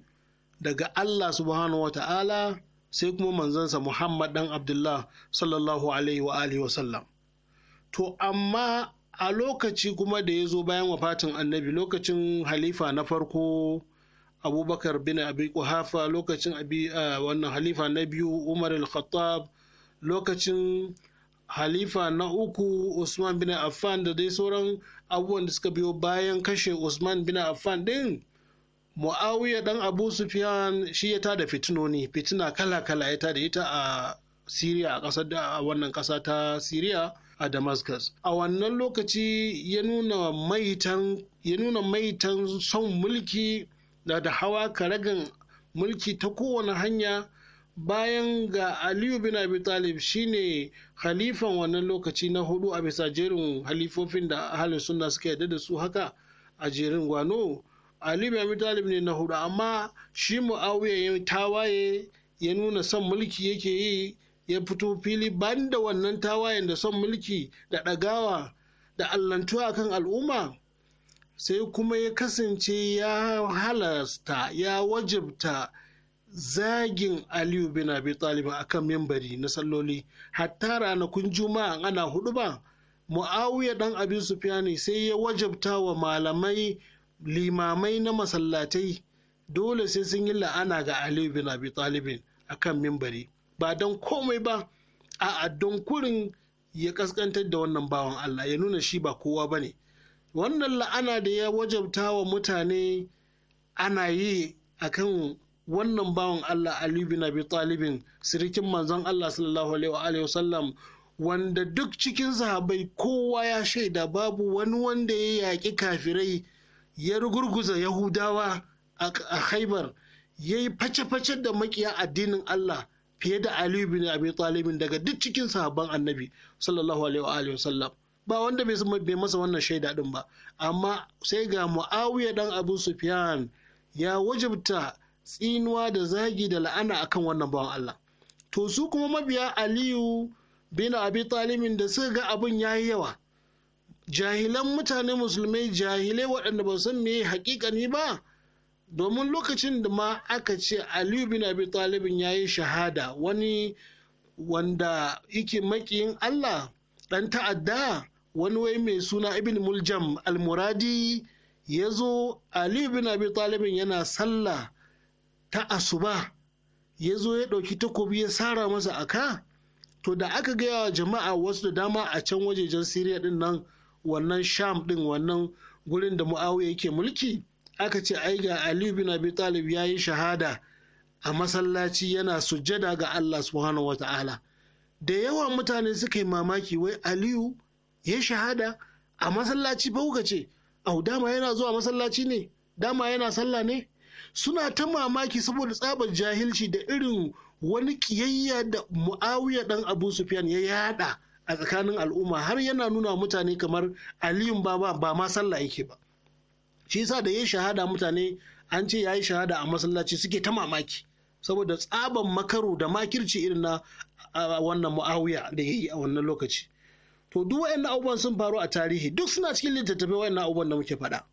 daga allah subhanahu wa ta'ala sai kuma manzansa Muhammad dan Abdullah sallallahu alaihi wa alihi wa sallam to amma a lokaci kuma da ya zo bayan wafatin annabi lokacin halifa na farko abubakar bin abi kuhafa lokacin abi wannan halifa na biyu umar al-khattab lokacin halifa na uku usman bin affan da dai sauran abubuwan da suka biyo bayan kashe usman bin affan din muawiya dan abu sufyan shi ya tada fitinoni fitina kala-kala ya tada ita a siriya a ƙasar da a wannan ƙasa ta siriya a damascus a wannan lokaci ya nuna maitan son mulki da da hawa karagan mulki ta kowane hanya bayan ga aliyu bin abi talib shine halifan wannan lokaci na hudu a bisa jerin halifofin da ahalin sunna suka yarda da su haka a jerin gwano Ali bai Talib ne na hudu amma shi Muawiya ya tawaye ya nuna son mulki yake yi ya fito fili banda wannan tawayen da son mulki da ɗagawa da allantuwa kan al'umma sai kuma ya kasance ya halasta ya wajibta zagin aliyu bin abi talib akan membari na salloli hatta ranakun juma'a ana hudu ba muawiya dan abi ne sai ya wajabta wa malamai limamai na masallatai dole sai sun yi la'ana ga Aliyu bin Abi Talibin akan mimbari ba don komai ba a don kurin ya kaskantar da wannan bawan Allah ya nuna shi ba kowa ba ne wannan la'ana da ya wajabta wa mutane ana yi akan wannan bawan Allah Ali bin Abi Talibin sirikin manzon Allah sallallahu alaihi wa sallam wanda duk cikin sahabai kowa ya shaida babu wani wanda ya yaƙi kafirai ya rugurguza yahudawa a haibar ya yi face-face da makiya addinin Allah fiye da Aliyu bin Abi Talibin daga duk cikin sahabban annabi sallallahu alaihi wa sallam ba wanda bai masa wannan shaida din ba amma sai ga Muawiya dan Abu Sufyan ya wajibta tsinuwa da zagi da la'ana akan wannan bawan Allah to su kuma mabiya Aliyu bin Abi Talibin da suka ga abin yayi yawa jahilan mutane musulmai jahilai waɗanda ba san me hakikani ba domin lokacin da ma aka ce aliyu bin abi talibin ya yi shahada wani wanda yake makiyin allah ɗan ta'adda wani wai mai suna ibn muljam almuradi ya zo aliyu bin abi talibin yana sallah ta asuba ya zo ya ɗauki takobi ya sara masa aka to da aka gaya wa jama'a wasu da dama a can wajejen siriya ɗin nan wannan sham ɗin wannan gurin da muawiya yake mulki aka ce ai ga aliyu bin abi talib ya yi shahada a masallaci yana sujjada ga allah subhanahu wata'ala da yawa mutane suka yi mamaki wai aliyu ya shahada a masallaci ba kuka ce au dama yana zuwa masallaci ne dama yana sallah ne suna ta mamaki saboda tsabar jahilci da irin wani kiyayya da muawiya dan abu sufyan ya yada a tsakanin al'umma har yana nuna mutane kamar aliyun baba ba ma sallah yake ba shi yasa da ya shahada mutane an ce ya yi shahada a masallaci suke ta mamaki saboda tsaban makaro da makirci irin na wannan mu'awiya da ya yi a wannan lokaci to duk waɗannan abubuwan sun faru a tarihi duk suna cikin littattafai waɗannan abubuwan da muke faɗa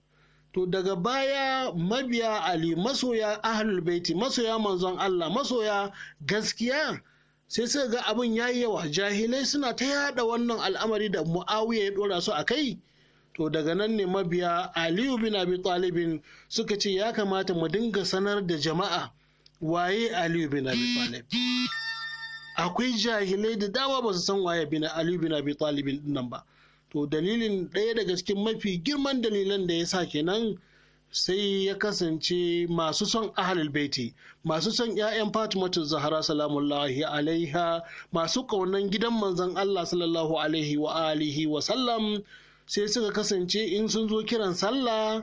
to daga baya mabiya ali masoya ahlul baiti masoya manzon Allah masoya gaskiya sai suka ga abin ya yi yawa jahilai suna ta yada wannan al'amari da mu'awiya ya dora su a kai to daga nan ne mabiya aliyu bin abi talibin suka ce ya kamata mu dinga sanar da jama'a waye aliyu bin abi talib akwai jahilai da dama ba su san waye bin aliyu bin abi talibin nan ba to dalilin ɗaya daga cikin mafi girman dalilan da ya sa kenan sai ya kasance masu son ahalul baiti masu son 'ya'yan fatimatu zahara salamullahi alaiha masu ƙaunar gidan manzon allah sallallahu alaihi wa alihi wa sallam sai suka kasance in sun zo kiran sallah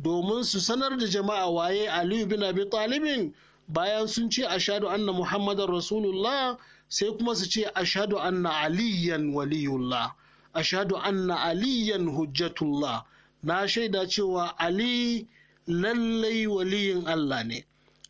domin su sanar da jama'a waye aliyu bin abi talibin bayan sun ce ashadu anna muhammadar rasulullah sai kuma su ce ashadu anna aliyan waliyullah ashadu anna aliyan hujjatullah na shaida cewa ali lallai waliyin Allah ne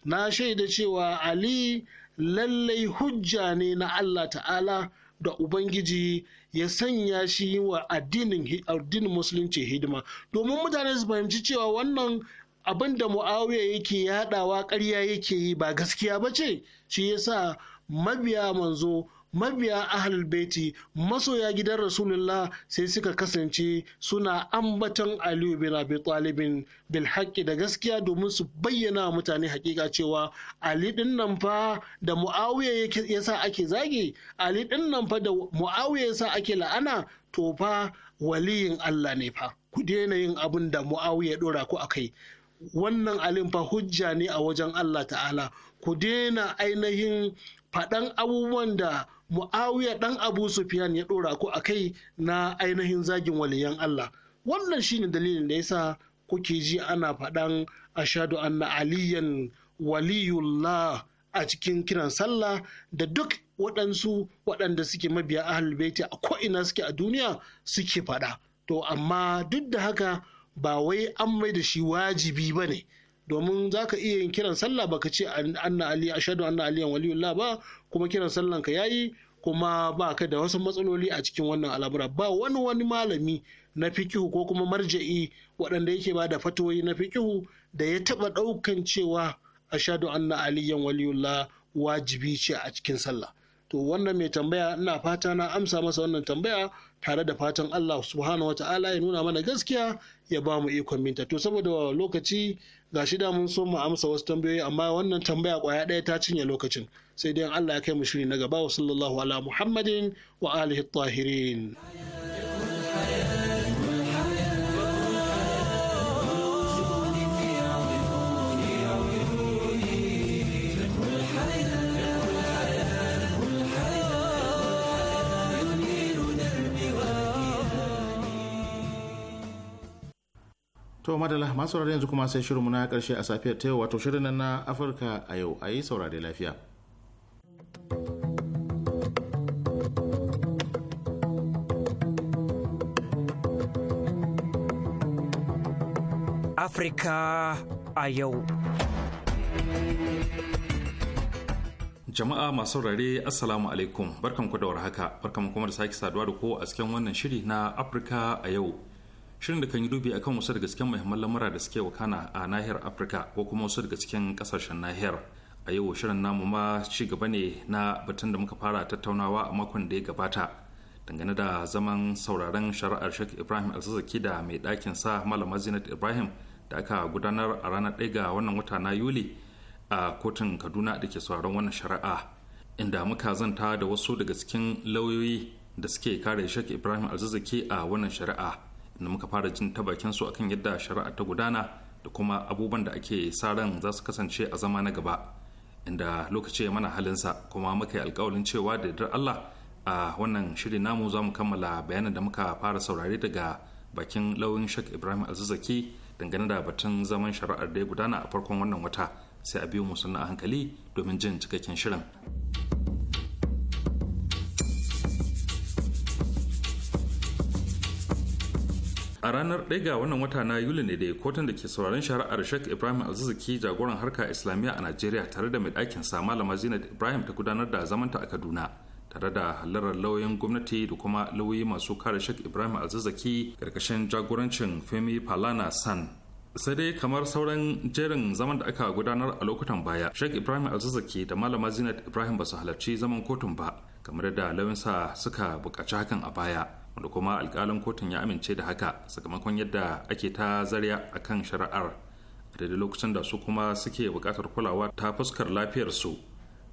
na shaida cewa ali lallai hujja ne na Allah ta'ala da Ubangiji ya sanya shi wa addinin musulunci hidima domin mutane su fahimci cewa wannan abin da mu'awiya yake yadawa karya yake yi ba gaskiya ba ce shi ya sa mabiya manzo mabiya ahlul baiti masoya gidan rasulullah sai suka kasance suna ambaton aliyu bin abi talibin bil da gaskiya domin su bayyana mutane hakika cewa ali din nan fa da muawiya yasa ake zagi ali din nan fa da muawiya yasa ake la'ana to fa waliyin Allah ne fa ku daina yin abin da muawiya dora ku akai wannan alin fa hujja ne a wajen Allah ta'ala ku daina ainihin faɗan abubuwan da mu'awiya dan abu sufyan ya dora ku akai na ainihin zagin waliyan Allah wannan shine dalilin da yasa kuke ji ana faɗan ashadu anna aliyan waliyullah a cikin kiran sallah da duk waɗansu waɗanda suke mabiya ahlul baiti a ko'ina suke a duniya suke faɗa to amma duk da haka ba wai an mai da shi wajibi ba ne domin za ka iya yin kiran sallah baka ce anna ali ashadu anna aliyan waliyullah ba kuma kiran sallan ka yayi kuma ba ka da wasu matsaloli a cikin wannan al'amura ba wani wani malami na fikihu ko kuma marja'i waɗanda yake ba da fatoyi na fikihu da ya taɓa ɗaukan cewa ashadu anna aliyan waliyullah wajibi ce a cikin sallah to wannan mai tambaya ina fata na amsa masa wannan tambaya tare da fatan Allah subhanahu wa ta'ala ya nuna mana gaskiya ya ba mu ikon minta to saboda lokaci ga shida mun so mu amsa wasu tambayoyi amma wannan tambaya kwaya ɗaya ta cinye lokacin sai dai Allah ya kai mu shiri na gaba wa sallallahu ala muhammadin wa alihi tahirin To madala masu saurare yanzu kuma sai shirinmu na karshe a safiyar ta yau wato shirin na Afirka a yau a yi saurare lafiya. Afirka a yau. Jama'a masu saurare Assalamu alaikum barkan da warhaka barkanku kuma da sake saduwa da ko a cikin wannan shiri na Afirka a yau. shirin da kan yi dubi akan wasu daga cikin muhimman lamura da suke wakana a nahiyar afirka ko kuma wasu daga cikin kasashen nahiyar a yau shirin namu ma ci gaba ne na batun da muka fara tattaunawa a makon da ya gabata dangane da zaman sauraron shari'ar shek ibrahim alzazzaki da mai ɗakin sa malama zinat ibrahim da aka gudanar a ranar ɗaya ga wannan wata na yuli a kotun kaduna da ke sauraron wannan shari'a inda muka zanta da wasu daga cikin lauyoyi da suke kare shek ibrahim alzazzaki a wannan shari'a da muka fara jin ta bakin su akan yadda shari'a ta gudana da kuma abubuwan da ake sa ran za su kasance a zama na gaba inda lokaci ya mana halin sa kuma muka yi alkawalin cewa da yardar Allah a wannan shirin namu za mu kammala bayanin da muka fara saurare daga bakin lauyin Sheikh Ibrahim Azizaki dangane da batun zaman shari'ar da ya gudana a farkon wannan wata sai a biyo mu sannan a hankali domin jin cikakken shirin. a ranar ɗaya ga wannan wata na yuli ne da kotun da ke sauraron shari'ar shek ibrahim alzuzuki jagoran harka islamiyya a najeriya tare da mai ɗakin sa malama zinat ibrahim ta gudanar da zamanta a kaduna tare da halarar lauyan gwamnati da kuma lauyi masu kare shek ibrahim alzuzuki karkashin jagorancin femi palana san sai dai kamar sauran jerin zaman da aka gudanar a lokutan baya shek ibrahim alzuzuki da malama zinat ibrahim ba su halarci zaman kotun ba kamar da sa suka bukaci hakan a baya wanda kuma alkalin kotun ya amince da haka sakamakon yadda ake ta zarya a kan shari'ar a daidai lokacin da su kuma suke buƙatar kulawa ta fuskar lafiyarsu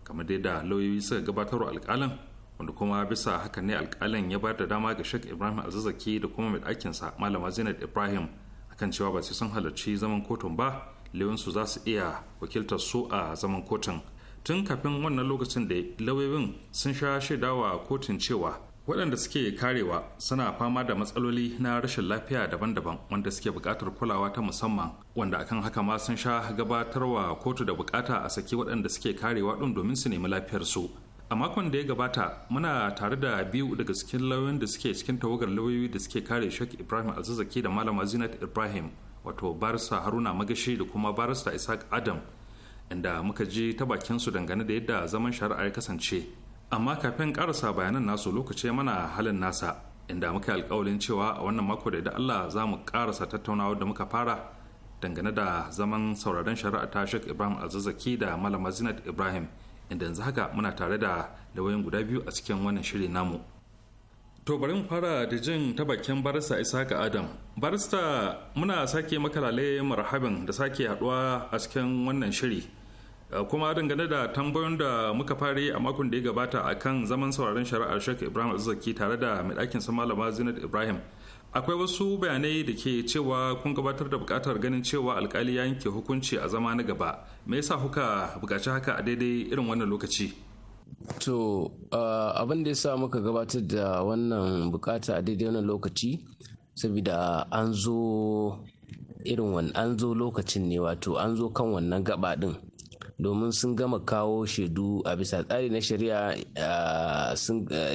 kamar dai da lauyoyi suka gabatar gabatarwa alkalin wanda kuma bisa haka ne alkalin ya ba da dama ga shek ibrahim azizaki da kuma mai ɗakinsa malama zainab ibrahim akan cewa ba sai sun halarci zaman kotun ba lewinsu za su iya wakiltar su a zaman kotun tun kafin wannan lokacin da lauyoyin sun sha shaidawa kotun cewa waɗanda suke karewa suna fama da matsaloli na rashin lafiya daban-daban wanda suke buƙatar kulawa ta musamman wanda akan haka ma sun sha gabatarwa kotu da buƙata a saki waɗanda suke karewa ɗin domin su nemi lafiyarsu a makon da ya gabata muna tare da biyu daga cikin lauyoyin da suke cikin tawagar lauyoyi da suke kare shek ibrahim alzazzaki da malama zinat ibrahim wato barista haruna magashi da kuma barista isaac adam inda muka ji ta bakinsu dangane da yadda zaman shari'a ya kasance amma kafin karasa bayanan nasu lokaci mana halin nasa inda muka alkawalin cewa a wannan mako da Allah za mu karasa tattaunawa da muka fara dangane da zaman sauraron shari'a ta Sheikh Ibrahim Azizaki da Malama Zinat Ibrahim inda yanzu haka muna tare da lauyoyin guda biyu a cikin wannan shiri namu. To bari mu fara da jin ta bakin barista Isaka Adam. Barista muna sake maka lalle marhabin da sake haduwa a cikin wannan shiri. Eh, kuma dangane da tambayoyin da muka fari a makon da ya gabata a kan zaman sauraron shari'ar shek ibrahim azzaki tare da mai ɗakin sa malama zinat ibrahim akwai wasu bayanai da ke cewa kun gabatar da buƙatar ganin cewa alkali ya yanke hukunci a zama na gaba me yasa kuka buƙaci haka a daidai irin wannan lokaci to eh, abin da ya sa muka gabatar da wannan bukata a daidai wannan lokaci saboda an zo irin an zo lokacin ne wato an zo kan wannan gaba din domin sun gama kawo shaidu a bisa tsari na shari'a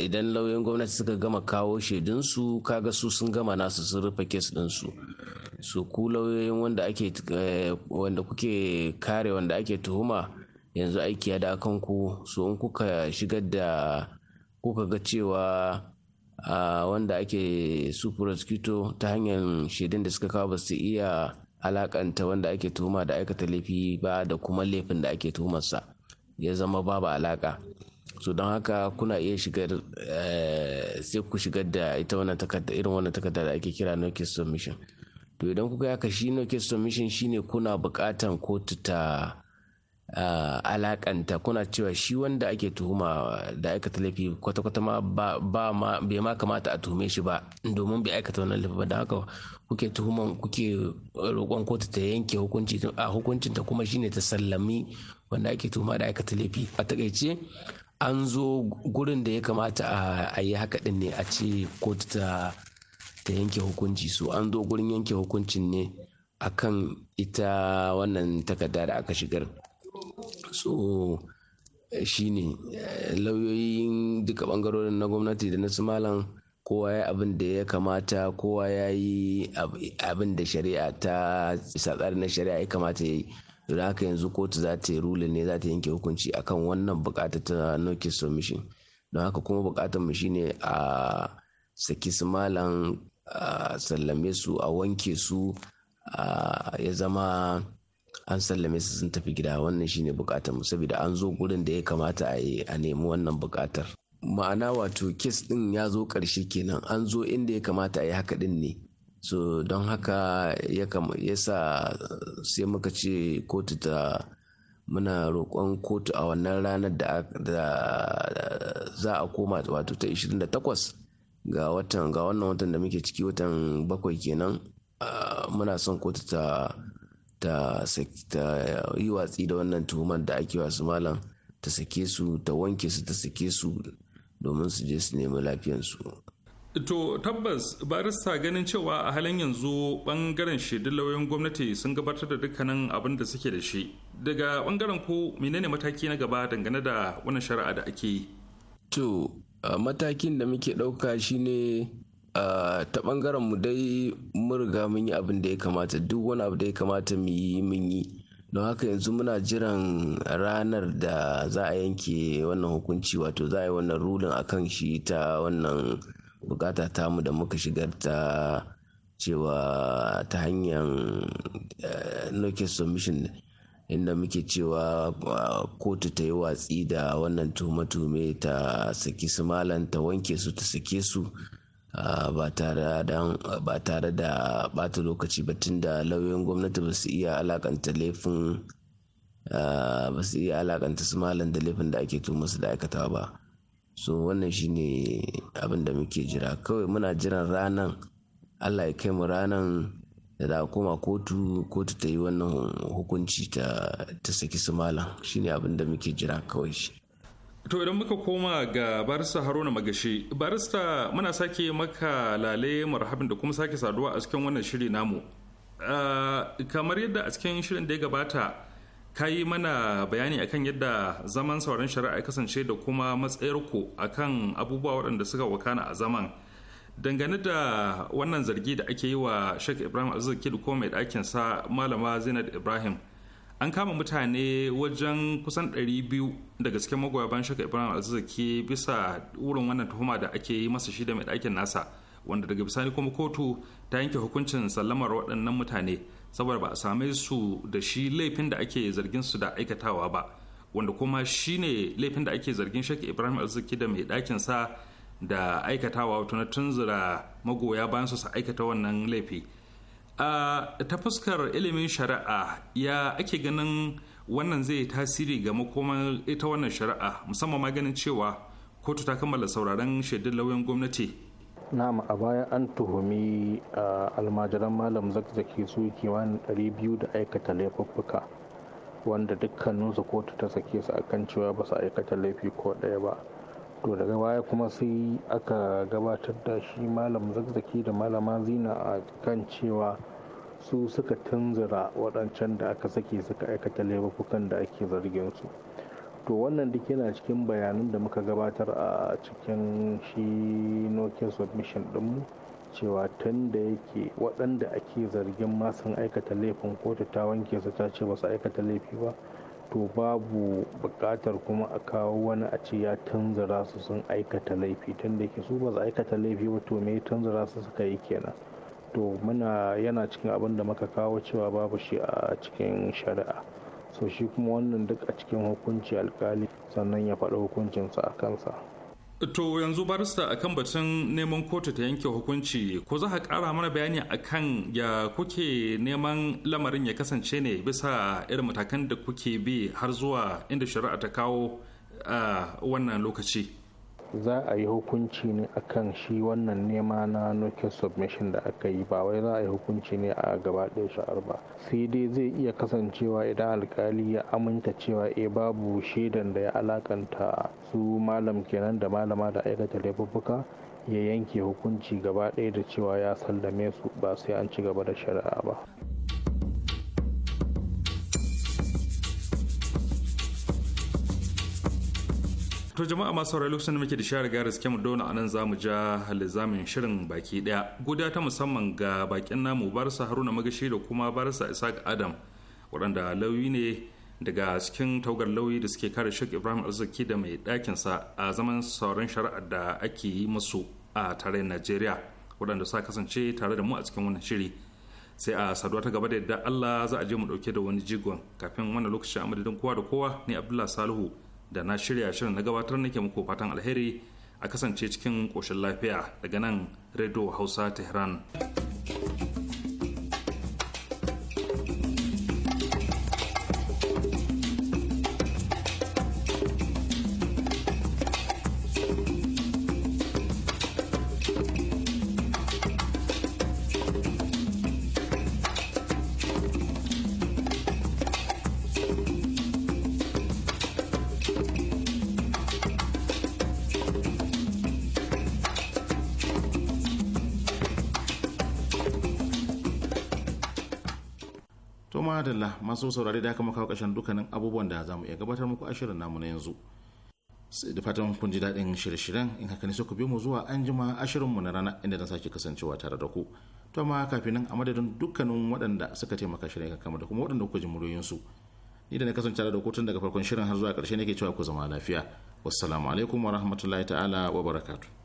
idan lauyoyin gwamnati suka gama kawo shaidunsu kaga su sun gama nasu sun rufe kes ɗinsu su ku lauyoyin eh, wanda kuke kare wanda ake tuhuma yanzu aiki ya da ku su in kuka shigar da kuka ga cewa wanda ake su ta hanyar shaidun da suka kawo ba su iya alakanta wanda ake tuhuma da aikata laifi ba da kuma laifin da ake tuhumarsa ya zama babu alaka so don haka kuna iya shigar eh, sai ku shigar da ita wannan takarda irin wannan takarda da ake kira case submission to idan kuka yaka shi case submission shine kuna bukatan kotu ta Ah, alakanta kuna cewa shi wanda ake tuhuma da aikata laifi kwata-kwata ma ba ma bai ma kamata a tuhume shi ba domin bai aikata wannan laifi ba da haka kuke tuhuman kuke roƙon kotu ta yanke hukunci a hukuncin ta kuma shine ta sallami wanda ake tuhuma da aikata laifi a takaice an zo gurin da ya kamata a yi haka din ne a ce kotu ta ta yanke hukunci su an zo gurin yanke hukuncin ne akan ita wannan takarda da aka shigar so eh, shine eh, lauyoyin duka bangarorin na gwamnati da na su malam kowa ya abin da ya kamata kowa ya yi abin da shari'a ta isa tsarin na shari'a ya kamata ya yi don haka yanzu kotu za ta yi rulin ne za ta yanke hukunci akan wannan bukata ta noke submission don haka kuma bukatar mu shine a saki su malam sallame su a wanke su ya zama an sallame su sun tafi gida wannan shine bukatar mu saboda an zo gurin da ya kamata a yi a nemi wannan bukatar ma'ana wato kes din ya zo karshe kenan an zo inda ya kamata a yi haka din ne so don haka ya sa sai muka ce kotu ta muna roƙon kotu a wannan ranar da za a koma wato ta 28 ga watan ga wannan watan da muke ciki watan bakwai kenan ah, muna son kotu ta ta yi watsi da wannan tuhumar da ake wasu malam ta sake su ta wanke su ta sake su domin su je su nemi lafiyansu. To tabbas barista ganin cewa a halin yanzu bangaren shaidun lauyan gwamnati sun gabatar da dukkanin abin da suke da shi. Daga bangaren ko menene mataki na gaba dangane da wannan shari'a da ake yi? To matakin da muke ɗauka shine ta bangaren mu dai mun riga mun yi abin da ya kamata duk wani abu da ya kamata mu yi mun yi don haka yanzu muna jiran ranar da za a yanke wannan hukunci wato za a yi wannan rulin akan shi ta wannan bukata tamu da muka shigar ta cewa ta hanyar eh, noke submission inda muke cewa eh, kotu ta yi watsi da wannan tuhume-tuhume ta saki su malam ta wanke su ta sake su Ah, ba tare da bata lokaci ba tunda lauyoyin gwamnati ba su iya alakanta laifin ah, ba su iya alakanta su malam da laifin da ake tuhumar su da aikatawa ba so wannan shine abin da muke jira kawai muna jiran ranan allah ya kai mu ranan da da koma kotu kotu ta yi wannan hukunci ta saki su malam shine abin da muke jira kawai To idan muka koma ga barista Haruna Magashi, barista muna sake maka lale marhabin da kuma sake saduwa a cikin wannan shiri namu. Ah, kamar yadda a cikin shirin da ya gabata ka yi mana bayani akan yadda zaman sauran shari'a ya kasance da kuma matsayarku akan abubuwa waɗanda suka wakana a zaman dangane da wannan zargi da ake yi wa shek ibrahim aziz Kidu ko mai sa malama zainab ibrahim an kama mutane wajen kusan 200 daga cikin magoya bayan shaka ibrahim alzizaki bisa wurin wannan tuhuma da ake yi masa shi da mai ɗakin nasa wanda daga bisani kuma kotu ta yanke hukuncin sallamar waɗannan mutane saboda ba a same su da shi laifin da ake zargin su da aikatawa ba wanda kuma shi ne laifin da ake zargin shaka ibrahim alzizaki da mai ɗakin sa da aikatawa wato na tunzura magoya bayan su aikata wannan laifi a ta fuskar ilimin shari'a ya ake ganin wannan zai tasiri ga makoman ita wannan shari'a musamman ma ganin cewa kotu ta kammala sauraron shaidun lauyan gwamnati na'am a baya an tuhumi almajiran malam zakzaki su kimanin 200 da aikata laifuffuka wanda dukkaninsu kotu ta sake su akan cewa ba su aikata laifi ko ɗaya ba to daga baya kuma sai aka gabatar da shi malam zazzaki da malama zina a kan cewa su suka tunzura waɗancan da aka sake suka aikata laifukan da ake zargin su to wannan duk yana cikin bayanan da muka gabatar a cikin shi nokin submission ɗinmu cewa tun da yake waɗanda ake zargin ma aikata laifin kotu ta wanke su ta ce ba su aikata laifi ba to babu buƙatar kuma a kawo wani a ce ya tanzara su sun aikata laifi tun da ke su ba su aikata laifi ba to me tanzara su suka yi kenan to muna yana cikin abin da muka kawo cewa babu shi a cikin shari'a so shi kuma wannan duk a cikin hukunci alkali sannan ya faɗa hukuncinsa a kansa To yanzu barista akan batun neman kotu ta yanke hukunci ko za ka kara mana bayani akan ya kuke neman lamarin ya kasance ne bisa irin matakan da kuke bi har zuwa inda shari'a ta kawo a ah, wannan lokaci. za a yi hukunci ne akan shi wannan nema na nukin submission da aka yi ba wai za a yi hukunci ne a gaba ɗaya sha'ar ba sai dai zai iya kasancewa idan alkali ya aminta cewa e babu shaidan da ya alakanta su malam kenan da malama da aikata laifuffuka ya yanke hukunci gaba ɗaya da cewa ya sallame su ba sai an ci gaba da shari'a ba. to jama'a masu saurari lokacin da muke da share gara suke mu dona anan za mu ja lizamin shirin baki daya guda ta musamman ga bakin namu barsa haruna magashi da kuma barsa isaac adam waɗanda lauyi ne daga cikin taugar lauyi da suke kare sheikh ibrahim arziki da mai ɗakinsa a zaman sauran shari'ar da ake yi musu a tare najeriya waɗanda sa kasance tare da mu a cikin wannan shiri sai a saduwa ta gaba da yadda allah za a je mu ɗauke da wani jigon kafin wannan lokacin a madadin kowa da kowa ne abdullah salihu da na shirya shirin na gabatar nake muku fatan alheri a kasance cikin ƙoshin lafiya daga nan radio hausa tehran masu saurare da haka kawo kashin dukkanin abubuwan da za mu iya gabatar muku a shirin namu na yanzu da fatan kun ji daɗin shirye-shiryen in haka ne ku bi mu zuwa an jima mu na rana inda na sake kasancewa tare da ku to amma kafin nan a madadin dukkanin waɗanda suka taimaka shirin ka kama da kuma waɗanda kuka ji su ni da na kasance tare da ku tun daga farkon shirin har zuwa ƙarshe nake cewa ku zama lafiya wassalamu alaikum wa rahmatullahi ta'ala wa barakatuh